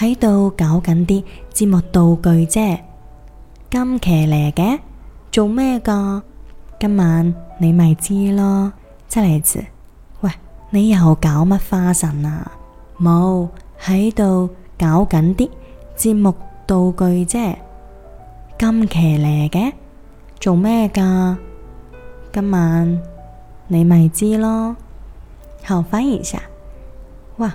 喺度搞緊啲節目道具啫，咁騎哩嘅做咩噶？今晚你咪知咯，真嚟自。喂，你又搞乜花臣啊？冇，喺度搞緊啲節目道具啫，咁騎哩嘅做咩噶？今晚你咪知咯。好，翻譯一下。哇！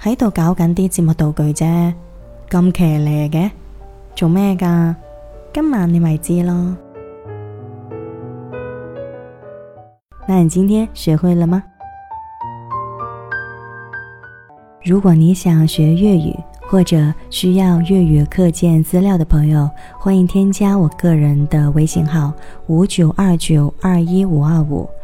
喺度搞緊啲節目道具啫，咁騎哩嘅，做咩噶？今晚你咪知咯。那你今天學會了嗎？如果你想學粵語或者需要粵語課件資料的朋友，歡迎添加我個人的微信號五九二九二一五二五。